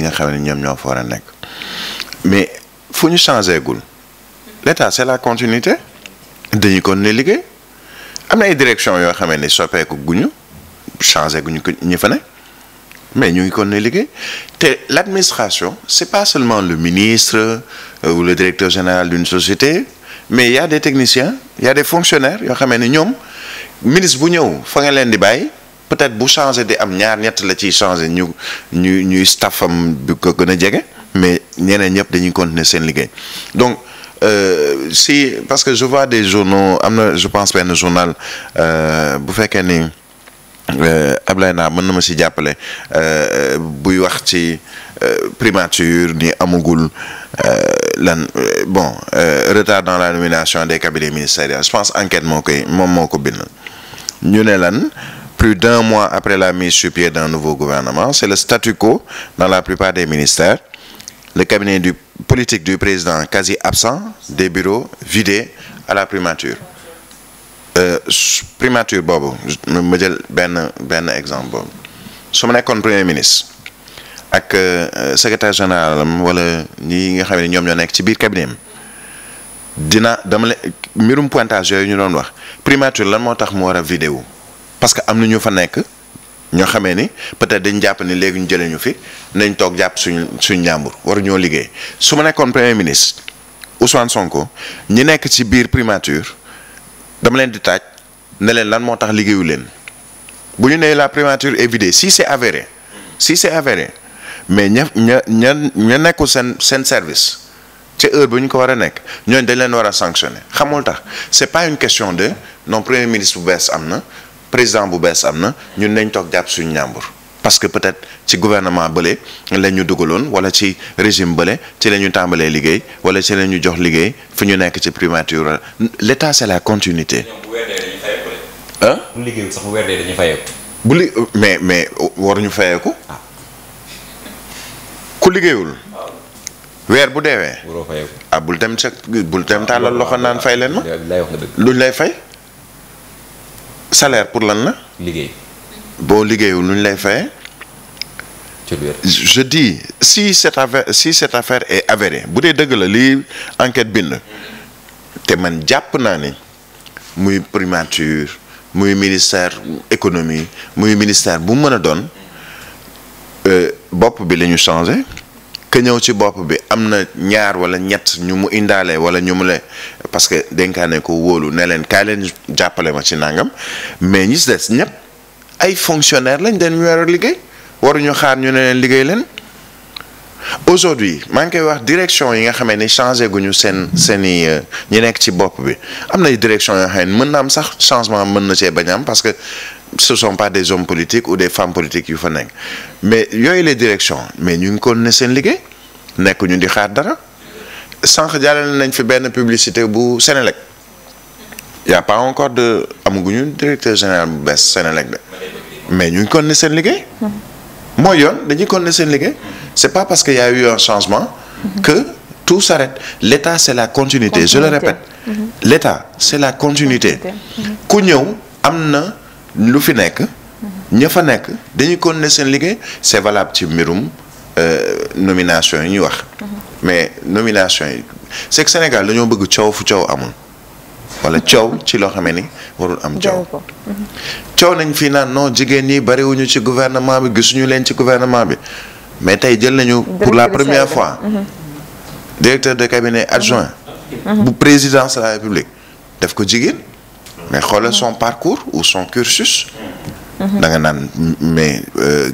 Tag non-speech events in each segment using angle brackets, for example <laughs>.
yi nga xam ne ñoom ñoo fa war a nekk mais fu ñu changé gul l'état c'est la continuité dañu kon ne liggéey am na ay direction yoo xamee ni soppeeku guñu changé guñu ko ñi fa mais ñu ngi kon ne liggéey te l'administration c'est pas seulement le ministre euh, ou le directeur général d'une société mais il y a des techniciens il y fonctionnaires yoo xamee ni ñoom ministre bu ñëw fa nga leen di bàyyi peut-être bu changé di am ñaar ñett la ci changer ñu ñu ñuy staffam bi ko a jege mais ñeneen ñëpp dañuy continuer seen liggéey donc euh, si parce que je vois des journaux am na je pense benn journal euh, bu fekkee ni euh, Ablaye naa mën na ma si jàppale euh, buy wax ci primature ni amagul lan bon euh, retard dans la nomination des cabinets ministériels je pense enquête moo koy moom moo ko bind ñu ne lan. plus d'un mois après la mise sur pied d'un nouveau gouvernement. C'est le statu quo dans la plupart des ministères. Le cabinet du, politique du président quasi absent, des bureaux vidés à la primature. Euh, primature boobu ma jël benn benn exemple boobu su ma nekkoon premier ministre ak euh, secrétaire général am wala ñi nga xam ne ñoom ñoo nekk ci biir cabinet am dina dama le mbirum pointage yooyu ñu doon wax primature lan moo tax mu war a vidéo parce que am na ñu fa nekk ñoo xamee ni peut-être dañ jàpp ni léegi ñu jëlee ñu fi nañ toog jàpp suñu suñu njàmbur war ñoo liggéey su ma nekkoon premier ministre Ousmane Sonko ñi nekk ci biir primature dama leen di taaj ne leen lan moo tax liggéeyu leen bu ñu nee la primature est si c'est avéré si c'est avéré mais ña ña ña ña nekkul seen seen service ca heure bu ñu ko war a nekk ñooñ dañ leen war a sanctionner xamul tax c'est pas une question de non premier ministre bu bees am na. président bu bees am na ñun nañ toog jàpp suñu ñàmbur parce que peut-être ci gouvernement bële la ñu dugaloon wala ci régime bële ci la ñu tàmbalee liggéey wala ci la ñu jox liggéey fu ñu nekk ci primature l'état c'est la continuité. ah. bu liggéeyul li mais mais waruñu fayeeku. Ah. ku liggéeyul. Ah. weer bu deewee. waroo fayeeku ah bul dem sa bul dem tàllal loxo naan fay leen ma. luñ lay fay. salaire pour lan la. liggéey. boo liggéeyu lu ñu lay fayee. je di si cette affaire si cette affaire est avérée bu dee dëgg la lii enquête bind. te man jàpp naa ni muy primature muy ministère économie muy ministère bu mën a doon euh, bopp bi la changé. que ñëw ci bopp bi am na ñaar wala ñett ñu mu indaale wala ñu mu le parce que dénkaane ko wóolu ne leen kaay leen jàppale ma ci nangam mais ñi si des ñëpp ay fonctionnaire lañ dañ war a liggéey waruñu xaar ñu ne leen liggéey leen aujourd'hui maa ngi koy wax direction yi nga xamee ni changé guñu seen seen i euh, ñi nekk ci bopp bi am nay direction yoo xam ne mën na am sax changement mën na cee bañ am parce que ce sont pas des hommes politiques ou des femmes politiques yu fa nekk mais yooyu les direction mais ñu ngi ko ne seen liggéey nekk di xaar dara sànq jàllale nañ fi benn publicité bu Sénélec y' a de amaguñu directeur général bu bees Sénélec mais ñu ngi seen liggéey. mooy yoon dañuy continuer seen liggéey. c' est parce que y' a eu un changement. que tout s'arrête l' état c' est la continuité. continuité je le répète. Mm-hmm. l' état est la continuité. ku ñëw am na lu fi nekk. Mm-hmm. ña fa nekk dañuy continuer seen liggéey c' est valable ci mbirum euh, nomination yi ñuy wax. Mm-hmm. mais nomination yi c'est que Sénégal dañoo bëgg coow fu coow amul wala coow ci loo xamee ni warul am coow coow nañ fii naan non jigéen ñi bariwuñu ci gouvernement bi gisuñu leen ci gouvernement bi mais tey jël nañu pour la première fois mhm. Mhm. directeur de cabinet adjoint mhm. bu présidence de la république def ko jigéen mais xoolal son parcours ou son cursus da nga naan mais euh,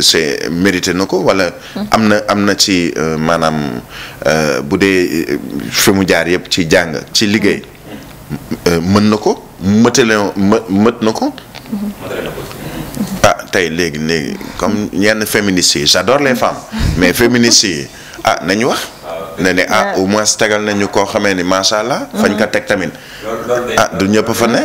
c'est mérité na ko wala. am na am na ci euh, maanaam euh, bu dee fi mu jaar yëpp ci jàng ci liggéey. mën na ko mëtale mët na ko. ah tey léegi léegi comme yenn féministes yi j'adore les femmes mais féministes yi ah nañu wax. ne ne ah au moins tegal nañu koo xamee ni macha allah. fañ ko teg tamit. ah du ñëpp fa ne.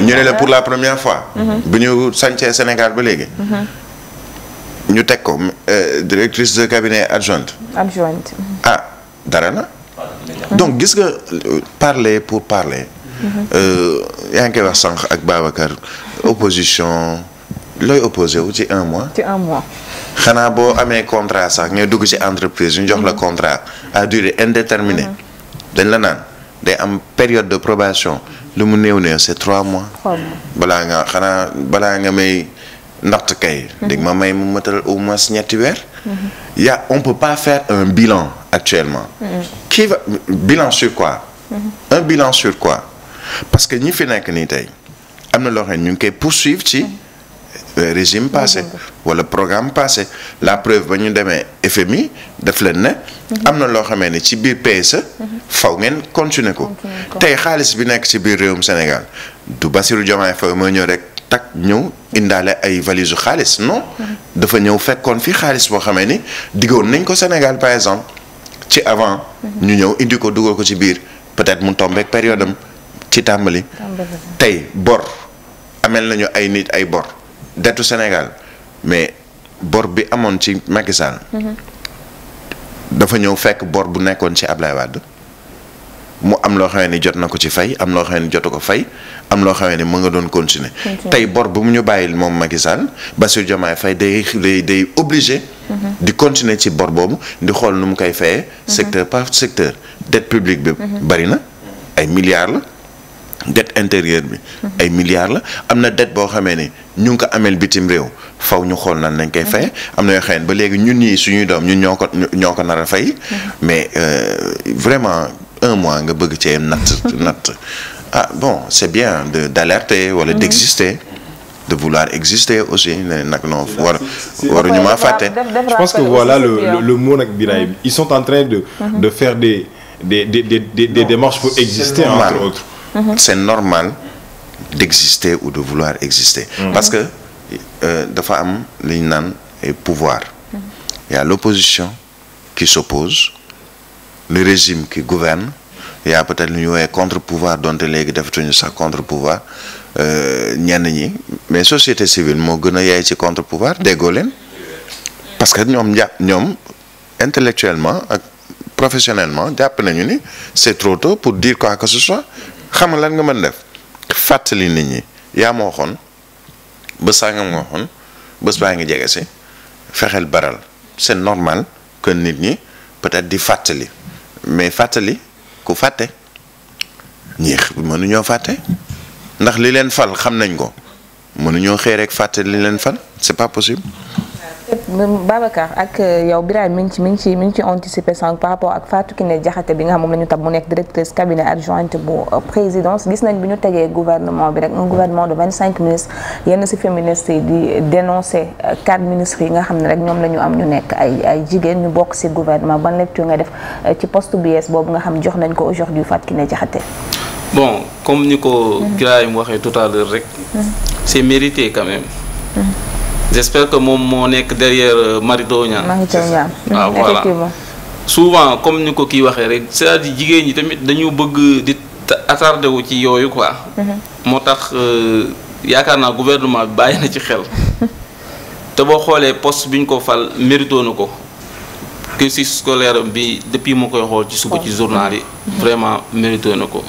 ñu ne la pour la première fois. Mm-hmm. bu ñu sancee Sénégal ba léegi. Mm-hmm. ñu teg ko euh, directrice de cabinet adjointe. adjointe. ah dara na. Mm-hmm. donc gis nga parler pour parler. Euh, yaa ngi koy wax sànq ak Babacar opposition looy opposé wu ci un mois. ci un mois. xanaa boo amee contrat sax ngay dugg ci entreprise ñu jox la contrat à durée indéterminée dañ la naan. day am période de probation lu mu néew néew c'est trois mois. balaa nga xanaa balaa nga may ndaxte kay. Mhm. dégg ma may mu matal au moins ñetti weer. Mhm. ya on peut pas faire un bilan actuellement. Mhm. qui va bilan sur quoi. un bilan sur quoi parce que ñi fi nekk nii tey am na loo xam ne ñu ngi poursuivre ci. Euh, régime passé wala programme passé la preuve ba ñu demee FMI def leen ne mhm. am na loo xamee ne ci biir PSE mhm. faw ngeen continuer ko tey xaalis bi nekk ci biir réewum Sénégal du Bassirou Diomaye Faye moo ñëw rek tak ñëw indaale ay valise u xaalis no mhm. dafa ñëw fekkoon fi xaalis boo xamee ni diggoon nañ ko Sénégal par exemple ci avant ñu ñëw indi ko dugal ko ci biir peut-être mu tombeek période ci tàmbali tey bor amel nañu ay nit ay bor detu Sénégal mais bor bi amoon ci Macky dafa ñëw fekk bor bu nekkoon ci Ablaye Wade mu am loo xamee ni jot na ko ci fay am loo xamee ni jotu ko fay am loo xamee ni mu nga doon continuer tey bor bu mu ñu bàyyil moom Macky Sall Bassirou Diomaye Faye day day day obligé di continuer ci bor boobu di xool nu mu koy fayee mhm. secteur par secteur dette publique bi mhm. bari na ay milliards la dette intérieure bi. ay milliards la am na dette boo xamee ni ñu ngi ko ameel bitim réew faw ñu xool nan lañ koy mhm. fay am na yoo xam ba léegi ñun nii suñuy doom ñu ñoo ko ñoo ko nar fay. Mhm. mais euh, vraiment un mois nga bëgg cee natt <laughs> natt ah bon c'est bien de d'alerter wala mhm. d'exister. de vouloir existe aussi nag non war ñu maa fàtte. je pense que voilà le le, le mot nag ils sont en train de. de faire des des des des, des pour exister entre autres. Mhm. c'est normal d'exister ou de vouloir exister. Mhm. parce que euh, dafa am li ñu naan pouvoir. Mhm. il y a l'opposition qui s'oppose le régime qui gouverne il y a peut-être lu ñu woowee contre-pouvoir donte léegi defatuñu sax contre-pouvoir euh, ñenn ñi mais société civile moo gën a yaay ci contre-pouvoir déggoo leen parce que ñoom jàpp ñoom intellectuellement ak professionnellement jàpp nañu ni c'est trop tôt pour dire quoi que ce soit xam nga lan nga mën def fàttali nit ñi yaa ma waxoon bés sàngam nga waxoon bës baa ngi jege si fexeel baral seen normal que nit ñi peut-être di fàttali mais fàttali ku fàtte ñii mënuñoo fàtte ndax li leen fal xam nañ ko mënuñoo xëy rek fàtte li leen fal c'est pas possible Babacar ak euh, yow Birame mi ngi ci mi ngi ci mi ngi ci anticiper sànq par rapport ak Fatou Kiné Diakhaté bi nga xam moom la ñu tab mu nekk directrice cabinet adjointe bu euh, présidence gis nañ bu ñu tegee gouvernement bi rek un gouvernement de vingt cinq ministres yenn si féministes yi di euh, yi nga xam ne rek ñoom la ñu am ñu nekk ay ay jigéen ñu bokk si gouvernement ban lecture nga def ci poste bu yees boobu nga xam jox nañ ko aujourd'hui Fatou Kiné Diakhaté bon comme ni ko mm. Birame waxee tout à l'heure rek mm. c'est mérité quand même mm. j'espère que moom moo nekk derrière euh, Mary Teuw Niane waaw mm-hmm, ah, voilà souvent comme ni ko kiy waxee rek cest à jigéen ñi tamit dañu bëgg di attardé wu ci yooyu quoi mm-hmm. moo tax euh, yaakaar naa gouvernement bi bàyyi na ci xel <laughs> te boo xoolee post bi ñu ko fal mérito na ko si scolaire bi depuis ma koy xool ci suba ci oh. journal yi mm-hmm. vraiment mérito na ko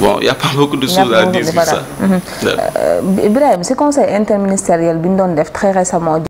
bon y' a pas beaucoup de choses à dire sur ça. Mm-hmm. Euh, Birahim si conseil interministériel bi ñu doon def très récemment.